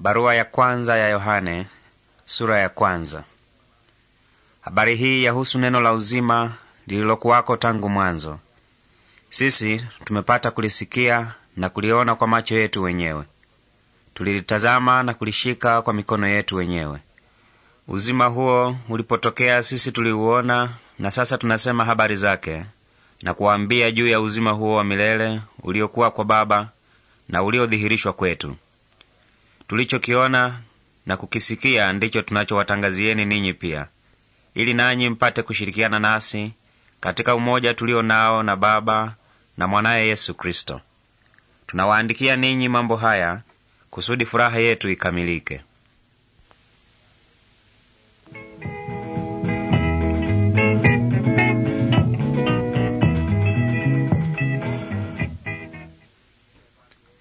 Barua ya kwanza ya Yohane, sura ya kwanza. Habari hii yahusu neno la uzima lililokuwako tangu mwanzo. Sisi tumepata kulisikia na kuliona kwa macho yetu wenyewe, tulilitazama na kulishika kwa mikono yetu wenyewe. Uzima huo ulipotokea, sisi tuliuona, na sasa tunasema habari zake na kuwaambia juu ya uzima huo wa milele uliokuwa kwa Baba na uliodhihirishwa kwetu. Tulichokiona na kukisikia ndicho tunachowatangazieni ninyi pia, ili nanyi mpate kushirikiana nasi katika umoja tulio nao na Baba na mwanaye Yesu Kristo. Tunawaandikia ninyi mambo haya kusudi furaha yetu ikamilike.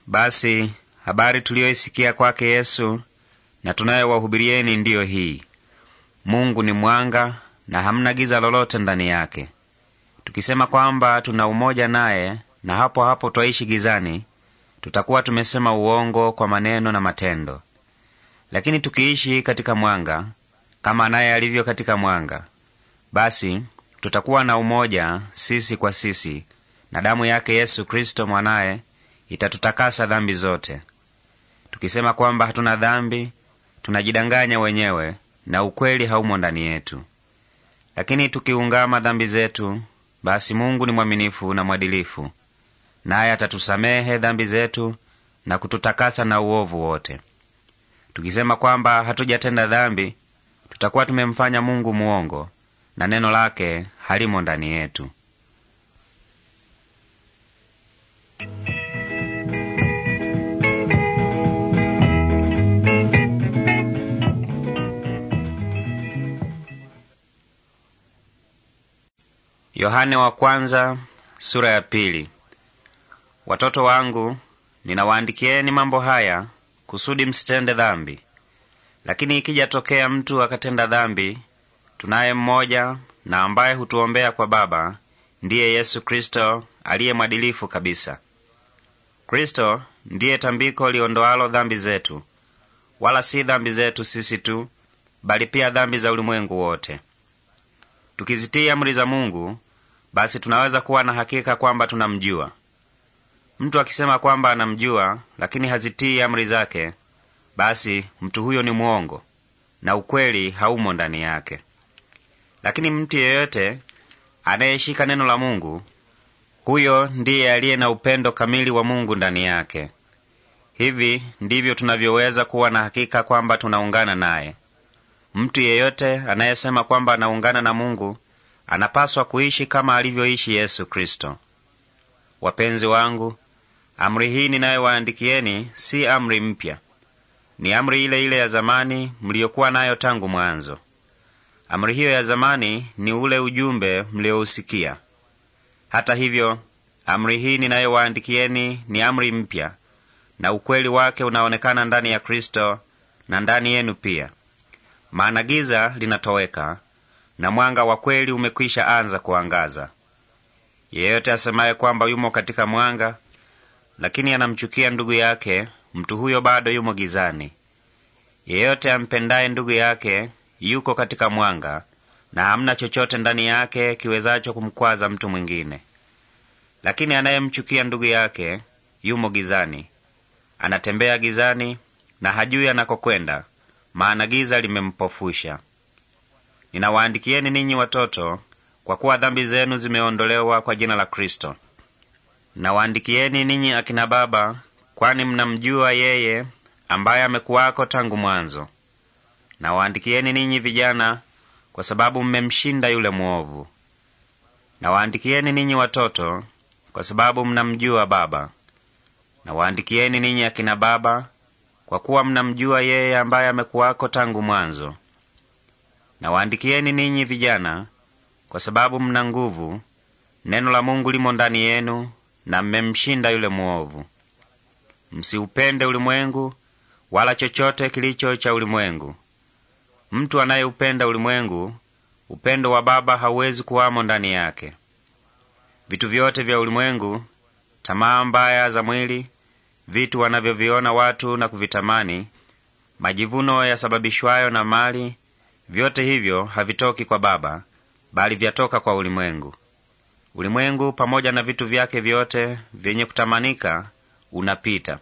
Basi Habari tuliyoisikia kwake Yesu na tunayowahubirieni ndiyo hii: Mungu ni mwanga na hamna giza lolote ndani yake. Tukisema kwamba tuna umoja naye na hapo hapo twaishi gizani, tutakuwa tumesema uongo kwa maneno na matendo. Lakini tukiishi katika mwanga kama naye alivyo katika mwanga, basi tutakuwa na umoja sisi kwa sisi, na damu yake Yesu Kristo mwanaye itatutakasa dhambi zote. Tukisema kwamba hatuna dhambi, tunajidanganya wenyewe na ukweli haumo ndani yetu. Lakini tukiungama dhambi zetu, basi Mungu ni mwaminifu na mwadilifu, naye atatusamehe dhambi zetu na kututakasa na uovu wote. Tukisema kwamba hatujatenda dhambi, tutakuwa tumemfanya Mungu mwongo na neno lake halimo ndani yetu. Yohane wa kwanza, sura ya pili. Watoto wangu ninawaandikieni mambo haya kusudi msitende dhambi. Lakini ikijatokea mtu akatenda dhambi, tunaye mmoja na ambaye hutuombea kwa Baba, ndiye Yesu Kristo aliye mwadilifu kabisa. Kristo ndiye tambiko liondoalo dhambi zetu, wala si dhambi zetu sisi tu, bali pia dhambi za ulimwengu wote. Tukizitii amri za Mungu basi tunaweza kuwa na hakika kwamba tunamjua. Mtu akisema kwamba anamjua, lakini hazitii amri zake, basi mtu huyo ni mwongo na ukweli haumo ndani yake. Lakini mtu yeyote anayeshika neno la Mungu, huyo ndiye aliye na upendo kamili wa Mungu ndani yake. Hivi ndivyo tunavyoweza kuwa na hakika kwamba tunaungana naye. Mtu yeyote anayesema kwamba anaungana na Mungu anapaswa kuishi kama alivyoishi Yesu Kristo. Wapenzi wangu, amri hii ninayowaandikieni si amri mpya, ni amri ile ile ya zamani mliyokuwa nayo tangu mwanzo. Amri hiyo ya zamani ni ule ujumbe mliousikia. Hata hivyo, amri hii ninayowaandikieni ni amri mpya, na ukweli wake unaonekana ndani ya Kristo na ndani yenu pia, maana giza linatoweka na mwanga wa kweli umekwisha anza kuangaza. Yeyote asemaye kwamba yumo katika mwanga, lakini anamchukia ndugu yake, mtu huyo bado yumo gizani. Yeyote ampendaye ndugu yake yuko katika mwanga, na hamna chochote ndani yake kiwezacho kumkwaza mtu mwingine. Lakini anayemchukia ndugu yake yumo gizani, anatembea gizani na hajui anakokwenda, maana giza limempofusha. Ninawaandikieni ninyi watoto, kwa kuwa dhambi zenu zimeondolewa kwa jina la Kristo. Nawaandikieni ninyi akina baba, kwani mnamjua yeye ambaye amekuwako tangu mwanzo. Nawaandikieni ninyi vijana, kwa sababu mmemshinda yule mwovu. Nawaandikieni ninyi watoto, kwa sababu mnamjua Baba. Nawaandikieni ninyi akina baba, kwa kuwa mnamjua yeye ambaye amekuwako tangu mwanzo. Nawaandikieni ninyi vijana, kwa sababu mna nguvu, neno la Mungu limo ndani yenu, na mmemshinda yule mwovu. Msiupende ulimwengu, wala chochote kilicho cha ulimwengu. Mtu anayeupenda ulimwengu, upendo wa Baba hauwezi kuwamo ndani yake. Vitu vyote vya ulimwengu, tamaa mbaya za mwili, vitu wanavyoviona watu na kuvitamani, majivuno yasababishwayo na mali Vyote hivyo havitoki kwa Baba, bali vyatoka kwa ulimwengu. Ulimwengu pamoja na vitu vyake vyote vyenye kutamanika unapita,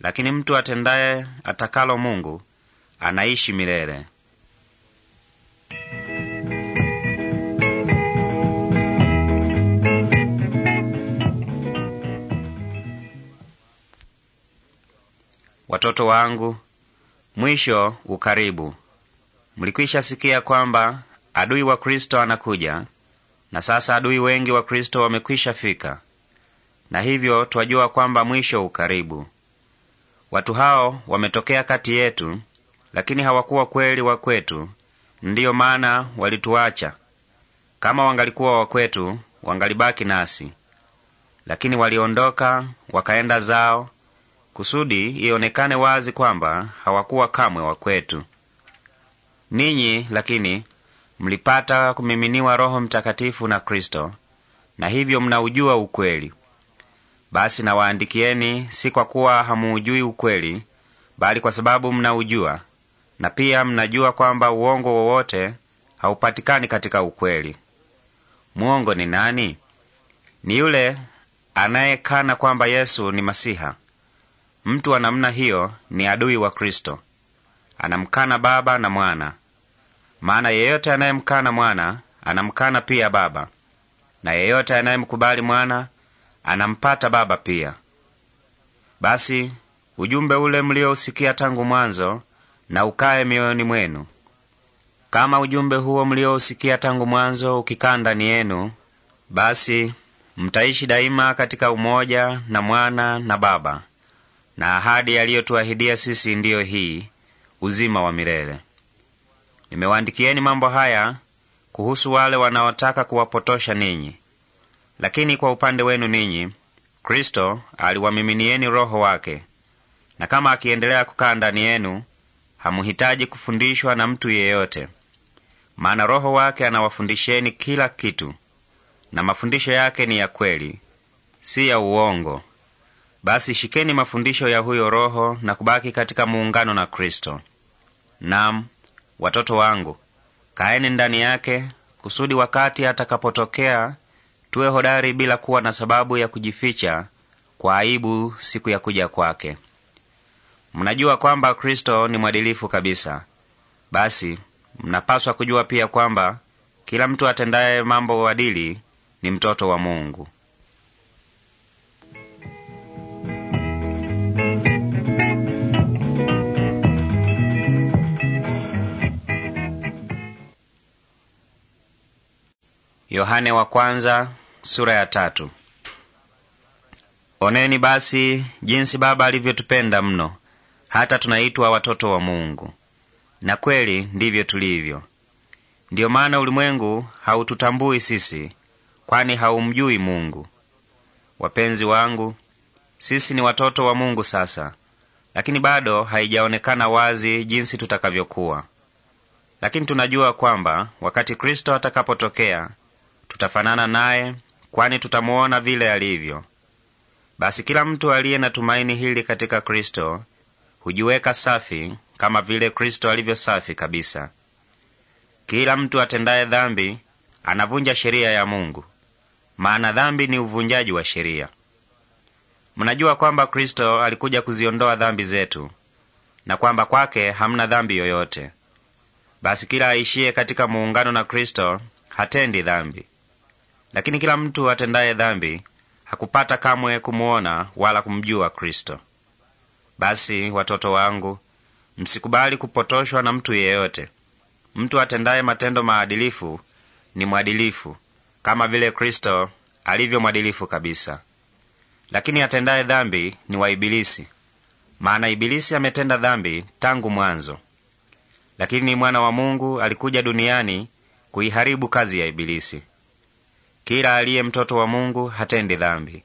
lakini mtu atendaye atakalo Mungu anaishi milele. Watoto wangu, mwisho ukaribu. Mlikwisha sikia kwamba adui wa Kristo anakuja, na sasa adui wengi wa Kristo wamekwisha fika, na hivyo twajua kwamba mwisho ukaribu. Watu hao wametokea kati yetu, lakini hawakuwa kweli wa kwetu, ndiyo maana walituacha. Kama wangalikuwa wa kwetu, wangalibaki nasi, lakini waliondoka wakaenda zao, kusudi ionekane wazi kwamba hawakuwa kamwe wa kwetu. Ninyi lakini mlipata kumiminiwa Roho Mtakatifu na Kristo, na hivyo mnaujua ukweli. Basi nawaandikieni si kwa kuwa hamuujui ukweli, bali kwa sababu mnaujua, na pia mnajua kwamba uongo wowote haupatikani katika ukweli. Mwongo ni nani? Ni yule anayekana kwamba Yesu ni Masiha. Mtu wa namna hiyo ni adui wa Kristo, anamkana Baba na Mwana. Maana yeyote anayemkana mwana anamkana pia Baba, na yeyote anayemkubali mwana anampata Baba pia. Basi ujumbe ule mliousikia tangu mwanzo na ukae mioyoni mwenu. Kama ujumbe huo mliousikia tangu mwanzo ukikaa ndani yenu, basi mtaishi daima katika umoja na Mwana na Baba. Na ahadi aliyotuahidia sisi ndiyo hii, uzima wa milele. Nimewaandikieni mambo haya kuhusu wale wanaotaka kuwapotosha ninyi. Lakini kwa upande wenu ninyi, Kristo aliwamiminieni Roho wake, na kama akiendelea kukaa ndani yenu, hamhitaji kufundishwa na mtu yeyote, maana Roho wake anawafundisheni kila kitu, na mafundisho yake ni ya kweli, si ya uongo. Basi shikeni mafundisho ya huyo Roho na kubaki katika muungano na Kristo. Naam, Watoto wangu, kaeni ndani yake, kusudi wakati atakapotokea tuwe hodari bila kuwa na sababu ya kujificha kwa aibu siku ya kuja kwake. Mnajua kwamba Kristo ni mwadilifu kabisa. Basi mnapaswa kujua pia kwamba kila mtu atendaye mambo adili ni mtoto wa Mungu. Yohane wa kwanza, sura ya tatu. Oneni basi jinsi Baba alivyotupenda mno hata tunaitwa watoto wa Mungu, na kweli ndivyo tulivyo. Ndiyo maana ulimwengu haututambui sisi, kwani haumjui Mungu. Wapenzi wangu, sisi ni watoto wa Mungu sasa, lakini bado haijaonekana wazi jinsi tutakavyokuwa. Lakini tunajua kwamba wakati Kristo atakapotokea tutafanana naye, kwani tutamuona vile alivyo. Basi kila mtu aliye na tumaini hili katika Kristo hujiweka safi kama vile Kristo alivyo safi kabisa. Kila mtu atendaye dhambi anavunja sheria ya Mungu, maana dhambi ni uvunjaji wa sheria. Mnajua kwamba Kristo alikuja kuziondoa dhambi zetu na kwamba kwake hamna dhambi yoyote. Basi kila aishiye katika muungano na Kristo hatendi dhambi. Lakini kila mtu atendaye dhambi hakupata kamwe kumwona wala kumjua Kristo. Basi watoto wangu, msikubali kupotoshwa na mtu yeyote. Mtu atendaye matendo maadilifu ni mwadilifu kama vile Kristo alivyo mwadilifu kabisa. Lakini atendaye dhambi ni wa Ibilisi, maana Ibilisi ametenda dhambi tangu mwanzo. Lakini mwana wa Mungu alikuja duniani kuiharibu kazi ya Ibilisi. Kila aliye mtoto wa Mungu hatendi dhambi,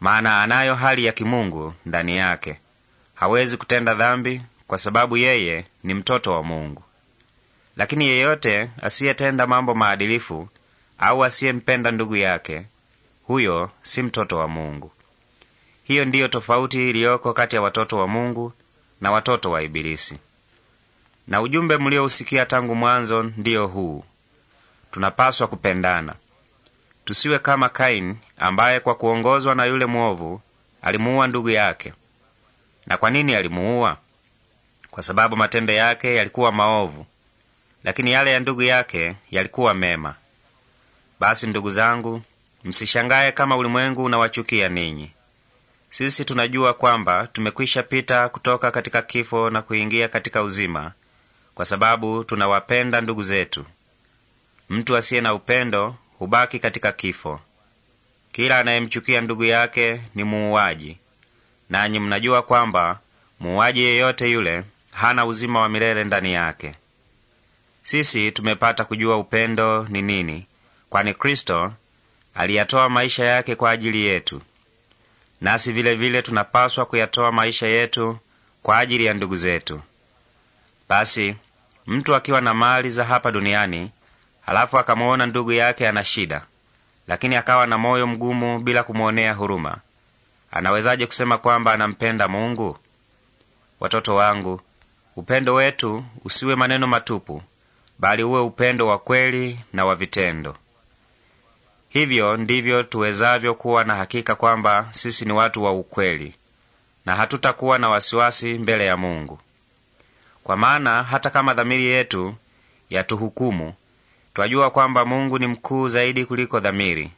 maana anayo hali ya kimungu ndani yake. Hawezi kutenda dhambi kwa sababu yeye ni mtoto wa Mungu. Lakini yeyote asiyetenda mambo maadilifu au asiyempenda ndugu yake, huyo si mtoto wa Mungu. Hiyo ndiyo tofauti iliyoko kati ya watoto wa Mungu na watoto wa Ibilisi. Na ujumbe mliousikia tangu mwanzo ndiyo huu: tunapaswa kupendana. Tusiwe kama Kaini ambaye kwa kuongozwa na yule mwovu alimuua ndugu yake. Na kwa nini alimuua? Kwa sababu matendo yake yalikuwa maovu, lakini yale ya ndugu yake yalikuwa mema. Basi ndugu zangu, msishangaye kama ulimwengu unawachukia ninyi. Sisi tunajua kwamba tumekwisha pita kutoka katika kifo na kuingia katika uzima, kwa sababu tunawapenda ndugu zetu. Mtu asiye na upendo hubaki katika kifo. Kila anayemchukia ndugu yake ni muuaji, nanyi mnajua kwamba muuaji yeyote yule hana uzima wa milele ndani yake. Sisi tumepata kujua upendo ni nini, kwani Kristo aliyatoa maisha yake kwa ajili yetu, nasi vile vile tunapaswa kuyatoa maisha yetu kwa ajili ya ndugu zetu. Basi mtu akiwa na mali za hapa duniani Halafu akamwona ndugu yake ana shida, lakini akawa na moyo mgumu bila kumwonea huruma. Anawezaje kusema kwamba anampenda Mungu? Watoto wangu, upendo wetu usiwe maneno matupu, bali uwe upendo wa kweli na wa vitendo. Hivyo ndivyo tuwezavyo kuwa na hakika kwamba sisi ni watu wa ukweli na hatutakuwa na wasiwasi mbele ya Mungu, kwa maana hata kama dhamiri yetu yatuhukumu, Twajua kwamba Mungu ni mkuu zaidi kuliko dhamiri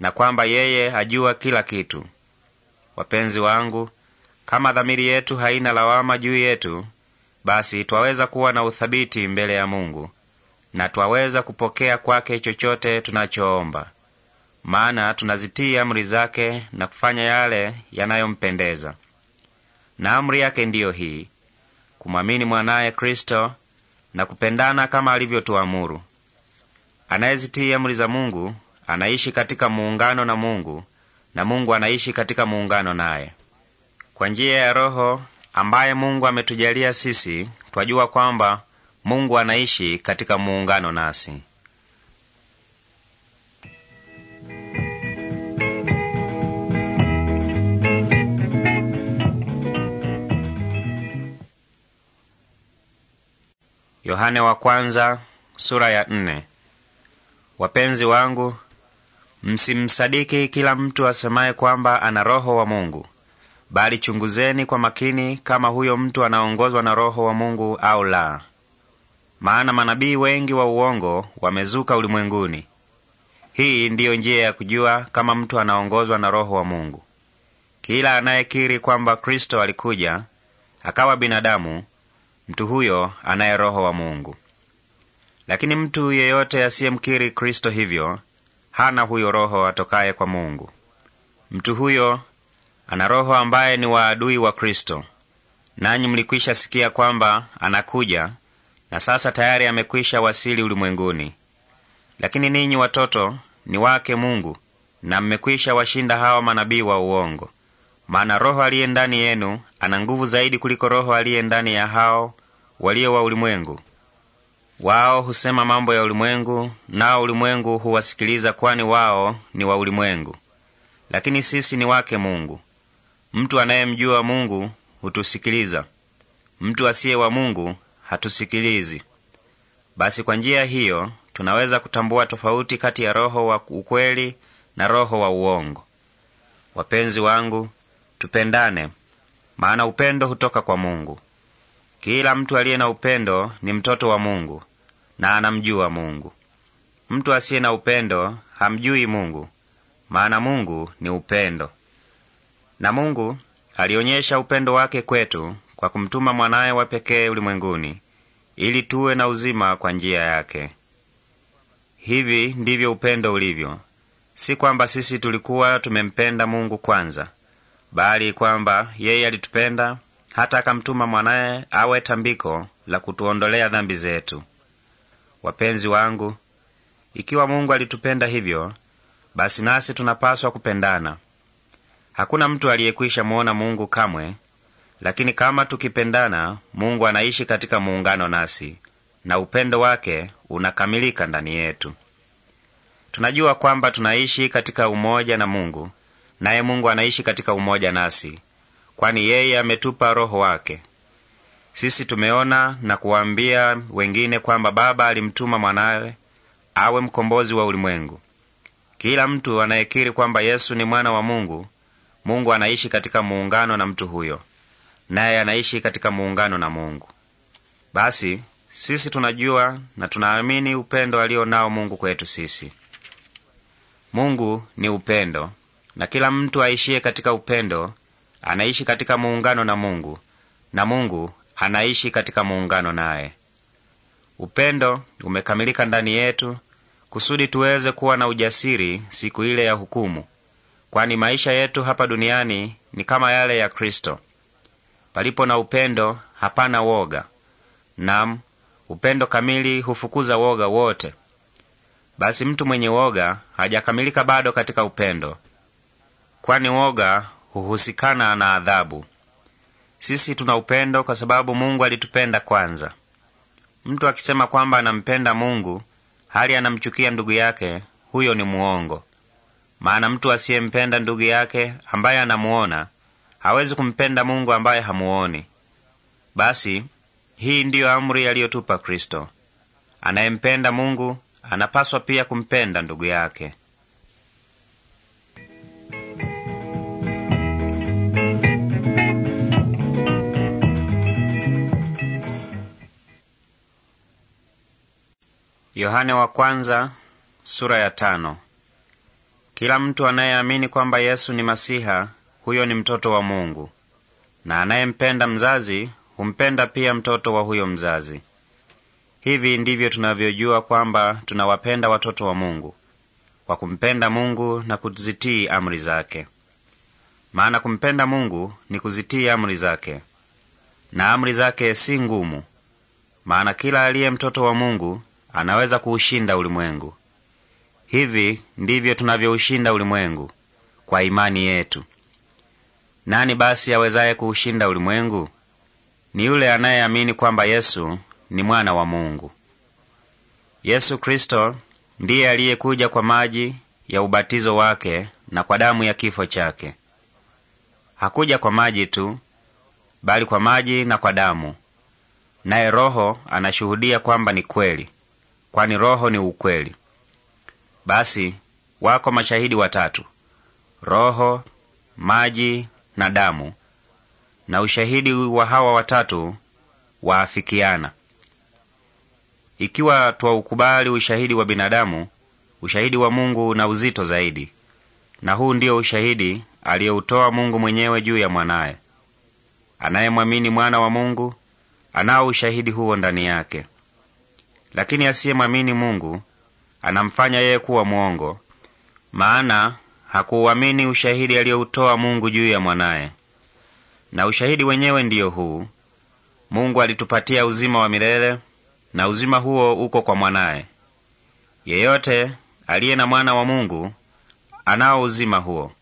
na kwamba yeye ajua kila kitu. Wapenzi wangu, kama dhamiri yetu haina lawama juu yetu, basi twaweza kuwa na uthabiti mbele ya Mungu na twaweza kupokea kwake chochote tunachoomba, maana tunazitii amri zake na kufanya yale yanayompendeza. Na amri yake ndiyo hii: kumwamini mwanaye Kristo na kupendana kama alivyotuamuru. Anayezitii amri za Mungu anaishi katika muungano na Mungu na Mungu anaishi katika muungano naye. Kwa njia ya Roho ambaye Mungu ametujalia sisi, twajua kwamba Mungu anaishi katika muungano nasi. Yohane wa kwanza, sura ya nne. Wapenzi wangu, msimsadiki kila mtu asemaye kwamba ana Roho wa Mungu, bali chunguzeni kwa makini kama huyo mtu anaongozwa na Roho wa Mungu au la. Maana manabii wengi wa uongo wamezuka ulimwenguni. Hii ndiyo njia ya kujua kama mtu anaongozwa na Roho wa Mungu. Kila anayekiri kwamba Kristo alikuja akawa binadamu, mtu huyo anaye Roho wa Mungu. Lakini mtu yeyote asiyemkiri Kristo hivyo hana huyo Roho atokaye kwa Mungu. Mtu huyo ana roho ambaye ni waadui wa Kristo. Nanyi mlikwisha sikia kwamba anakuja, na sasa tayari amekwisha wasili ulimwenguni. Lakini ninyi watoto ni wake Mungu, na mmekwisha washinda hawa manabii wa uongo, maana roho aliye ndani yenu ana nguvu zaidi kuliko roho aliye ndani ya hao walio wa ulimwengu. Wao husema mambo ya ulimwengu, nao ulimwengu huwasikiliza, kwani wao ni wa ulimwengu, lakini sisi ni wake Mungu. Mtu anayemjua Mungu hutusikiliza, mtu asiye wa Mungu hatusikilizi. Basi kwa njia hiyo tunaweza kutambua tofauti kati ya roho wa ukweli na roho wa uongo. Wapenzi wangu, tupendane, maana upendo hutoka kwa Mungu. Kila mtu aliye na upendo ni mtoto wa Mungu na anamjua Mungu. Mtu asiye na upendo hamjui Mungu, maana Mungu ni upendo. Na Mungu alionyesha upendo wake kwetu kwa kumtuma mwanaye wa pekee ulimwenguni ili tuwe na uzima kwa njia yake. Hivi ndivyo upendo ulivyo, si kwamba sisi tulikuwa tumempenda Mungu kwanza, bali kwamba yeye alitupenda hata akamtuma mwanaye awe tambiko la kutuondolea dhambi zetu. Wapenzi wangu, ikiwa Mungu alitupenda hivyo, basi nasi tunapaswa kupendana. Hakuna mtu aliyekwisha mwona Mungu kamwe, lakini kama tukipendana, Mungu anaishi katika muungano nasi na upendo wake unakamilika ndani yetu. Tunajua kwamba tunaishi katika umoja na Mungu, naye Mungu anaishi katika umoja nasi, kwani yeye ametupa Roho wake. Sisi tumeona na kuwaambia wengine kwamba Baba alimtuma mwanawe awe mkombozi wa ulimwengu. Kila mtu anayekiri kwamba Yesu ni mwana wa Mungu, Mungu anaishi katika muungano na mtu huyo, naye anaishi katika muungano na Mungu. Basi sisi tunajua na tunaamini upendo alio nao Mungu kwetu sisi. Mungu ni upendo, na kila mtu aishiye katika upendo anaishi katika muungano na Mungu na Mungu anaishi katika muungano naye. Upendo umekamilika ndani yetu kusudi tuweze kuwa na ujasiri siku ile ya hukumu, kwani maisha yetu hapa duniani ni kama yale ya Kristo. Palipo na upendo hapana woga. Nam, upendo kamili hufukuza woga wote. Basi mtu mwenye woga hajakamilika bado katika upendo, kwani woga huhusikana na adhabu. Sisi tuna upendo kwa sababu Mungu alitupenda kwanza. Mtu akisema kwamba anampenda Mungu hali anamchukia ndugu yake, huyo ni muongo. Maana mtu asiyempenda ndugu yake ambaye anamuona hawezi kumpenda Mungu ambaye hamuoni. Basi hii ndiyo amri aliyotupa Kristo. Anayempenda Mungu anapaswa pia kumpenda ndugu yake. Yohane wa kwanza, sura ya tano. Kila mtu anayeamini kwamba Yesu ni Masiha huyo ni mtoto wa Mungu, na anayempenda mzazi humpenda pia mtoto wa huyo mzazi. Hivi ndivyo tunavyojua kwamba tunawapenda watoto wa Mungu, kwa kumpenda Mungu na kuzitii amri zake. Maana kumpenda Mungu ni kuzitii amri zake, na amri zake si ngumu, maana kila aliye mtoto wa Mungu anaweza kuushinda ulimwengu. Hivi ndivyo tunavyoushinda ulimwengu kwa imani yetu. Nani basi awezaye kuushinda ulimwengu? Ni yule anayeamini kwamba Yesu ni mwana wa Mungu. Yesu Kristo ndiye aliyekuja kwa maji ya ubatizo wake na kwa damu ya kifo chake. Hakuja kwa maji tu, bali kwa maji na kwa damu, naye Roho anashuhudia kwamba ni kweli kwani Roho ni ukweli. Basi wako mashahidi watatu: Roho, maji na damu, na ushahidi wa hawa watatu waafikiana. Ikiwa twaukubali ushahidi wa binadamu, ushahidi wa Mungu una uzito zaidi, na huu ndio ushahidi aliyoutoa Mungu mwenyewe juu ya mwanaye. Anayemwamini mwana wa Mungu anao ushahidi huo ndani yake. Lakini asiyemwamini Mungu anamfanya yeye kuwa mwongo, maana hakuuamini ushahidi aliyoutoa Mungu juu ya mwanaye. Na ushahidi wenyewe ndiyo huu: Mungu alitupatia uzima wa milele, na uzima huo uko kwa mwanaye. Yeyote aliye na mwana wa Mungu anao uzima huo;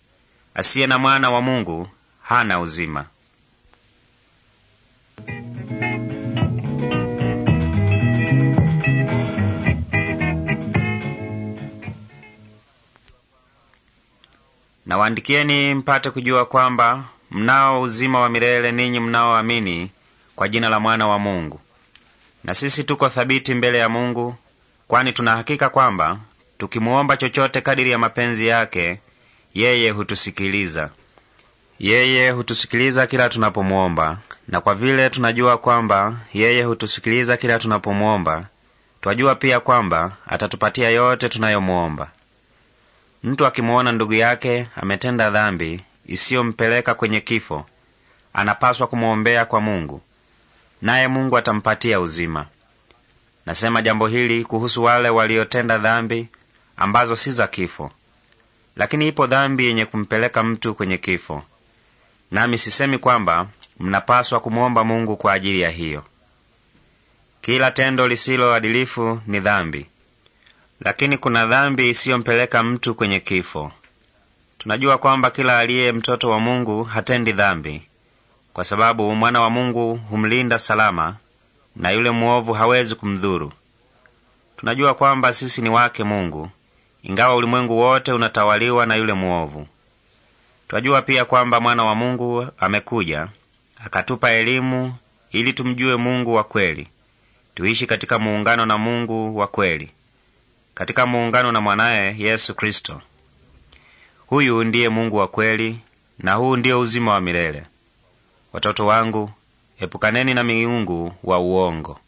asiye na mwana wa Mungu hana uzima. nawaandikieni mpate kujua kwamba mnao uzima wa milele ninyi mnaoamini kwa jina la mwana wa Mungu. Na sisi tuko thabiti mbele ya Mungu, kwani tunahakika kwamba tukimuomba chochote kadiri ya mapenzi yake, yeye hutusikiliza. Yeye hutusikiliza kila tunapomuomba, na kwa vile tunajua kwamba yeye hutusikiliza kila tunapomuomba, twajua pia kwamba atatupatia yote tunayomuomba. Mtu akimwona ndugu yake ametenda dhambi isiyompeleka kwenye kifo, anapaswa kumwombea kwa Mungu, naye Mungu atampatia uzima. Nasema jambo hili kuhusu wale waliotenda dhambi ambazo si za kifo, lakini ipo dhambi yenye kumpeleka mtu kwenye kifo, nami sisemi kwamba mnapaswa kumwomba Mungu kwa ajili ya hiyo. Kila tendo lisiloadilifu ni dhambi, lakini kuna dhambi isiyompeleka mtu kwenye kifo. Tunajua kwamba kila aliye mtoto wa Mungu hatendi dhambi, kwa sababu mwana wa Mungu humlinda salama, na yule mwovu hawezi kumdhuru. Tunajua kwamba sisi ni wake Mungu, ingawa ulimwengu wote unatawaliwa na yule mwovu. Twajua pia kwamba mwana wa Mungu amekuja akatupa elimu ili tumjue Mungu wa kweli, tuishi katika muungano na Mungu wa kweli katika muungano na mwanaye Yesu Kristo. Huyu ndiye Mungu wa kweli, na huu ndiyo uzima wa milele. Watoto wangu, epukaneni na miungu wa uongo.